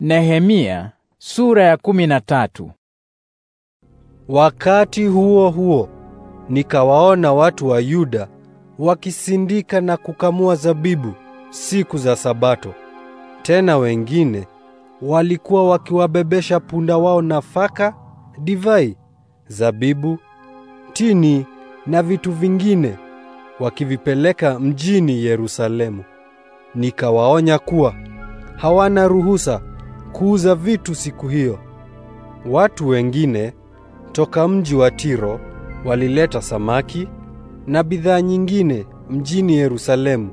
Nehemia sura ya kumi na tatu. Wakati huo huo nikawaona watu wa Yuda wakisindika na kukamua zabibu siku za Sabato. Tena wengine walikuwa wakiwabebesha punda wao nafaka, divai, zabibu, tini na vitu vingine wakivipeleka mjini Yerusalemu. Nikawaonya kuwa hawana ruhusa kuuza vitu siku hiyo. Watu wengine toka mji wa Tiro walileta samaki na bidhaa nyingine mjini Yerusalemu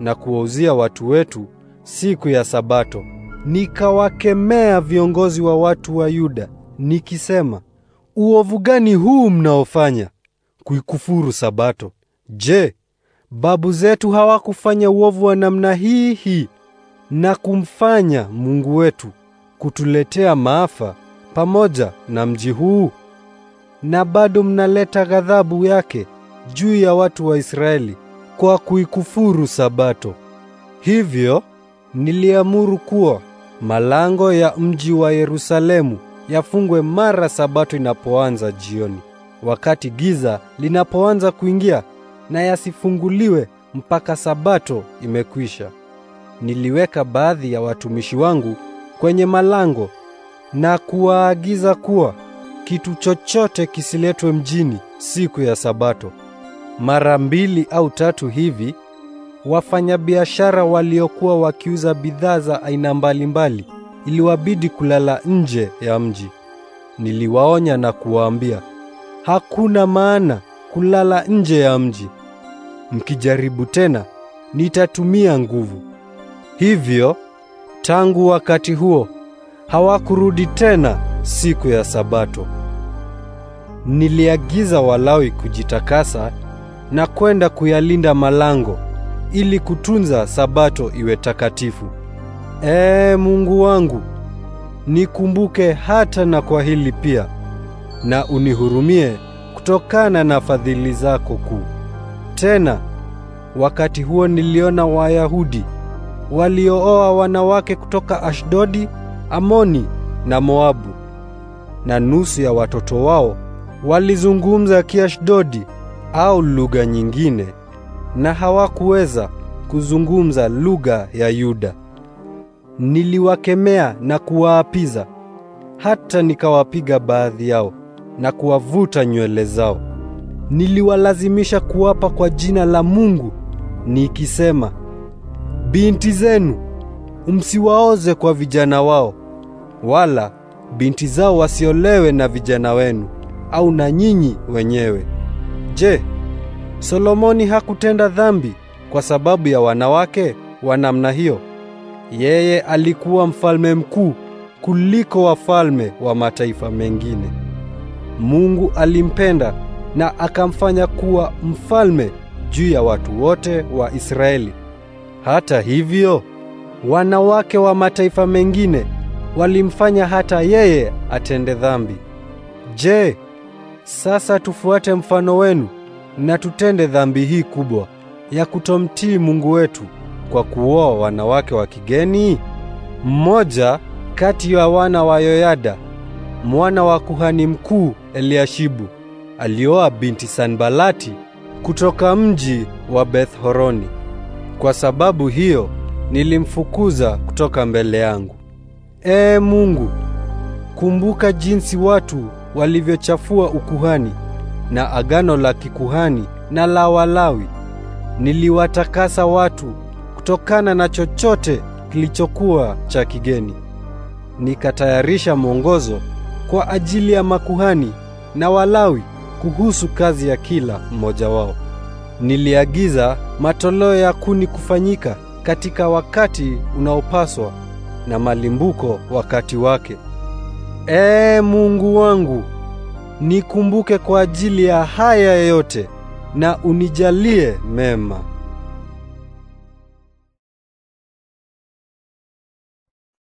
na kuwauzia watu wetu siku ya Sabato. Nikawakemea viongozi wa watu wa Yuda nikisema, uovu gani huu mnaofanya kuikufuru Sabato? Je, babu zetu hawakufanya uovu wa namna hii hii na kumfanya Mungu wetu kutuletea maafa pamoja na mji huu? Na bado mnaleta ghadhabu yake juu ya watu wa Israeli kwa kuikufuru Sabato. Hivyo niliamuru kuwa malango ya mji wa Yerusalemu yafungwe mara Sabato inapoanza jioni, wakati giza linapoanza kuingia, na yasifunguliwe mpaka Sabato imekwisha niliweka baadhi ya watumishi wangu kwenye malango na kuwaagiza kuwa kitu chochote kisiletwe mjini siku ya Sabato. Mara mbili au tatu hivi, wafanyabiashara waliokuwa wakiuza bidhaa za aina mbalimbali iliwabidi kulala nje ya mji. Niliwaonya na kuwaambia, hakuna maana kulala nje ya mji. Mkijaribu tena, nitatumia nguvu. Hivyo tangu wakati huo hawakurudi tena siku ya Sabato. Niliagiza Walawi kujitakasa na kwenda kuyalinda malango ili kutunza Sabato iwe takatifu. Ee Mungu wangu, nikumbuke hata na kwa hili pia, na unihurumie kutokana na fadhili zako kuu. Tena wakati huo niliona Wayahudi waliooa wanawake kutoka Ashdodi, Amoni na Moabu, na nusu ya watoto wao walizungumza Kiashdodi au lugha nyingine, na hawakuweza kuzungumza lugha ya Yuda. Niliwakemea na kuwaapiza, hata nikawapiga baadhi yao na kuwavuta nywele zao. Niliwalazimisha kuapa kwa jina la Mungu nikisema, Binti zenu msiwaoze kwa vijana wao, wala binti zao wasiolewe na vijana wenu au na nyinyi wenyewe. Je, Solomoni hakutenda dhambi kwa sababu ya wanawake wa namna hiyo? Yeye alikuwa mfalme mkuu kuliko wafalme wa mataifa mengine. Mungu alimpenda na akamfanya kuwa mfalme juu ya watu wote wa Israeli. Hata hivyo, wanawake wa mataifa mengine walimfanya hata yeye atende dhambi. Je, sasa tufuate mfano wenu na tutende dhambi hii kubwa ya kutomtii Mungu wetu kwa kuoa wanawake wa kigeni? Mmoja kati ya wana wa Yoyada, mwana wa kuhani mkuu Eliashibu, alioa binti Sanbalati kutoka mji wa Bethhoroni. Kwa sababu hiyo nilimfukuza kutoka mbele yangu. Ee Mungu, kumbuka jinsi watu walivyochafua ukuhani na agano la kikuhani na la Walawi. Niliwatakasa watu kutokana na chochote kilichokuwa cha kigeni. Nikatayarisha mwongozo kwa ajili ya makuhani na Walawi kuhusu kazi ya kila mmoja wao. Niliagiza matoleo ya kuni kufanyika katika wakati unaopaswa na malimbuko wakati wake. Ee Mungu wangu, nikumbuke kwa ajili ya haya yote na unijalie mema.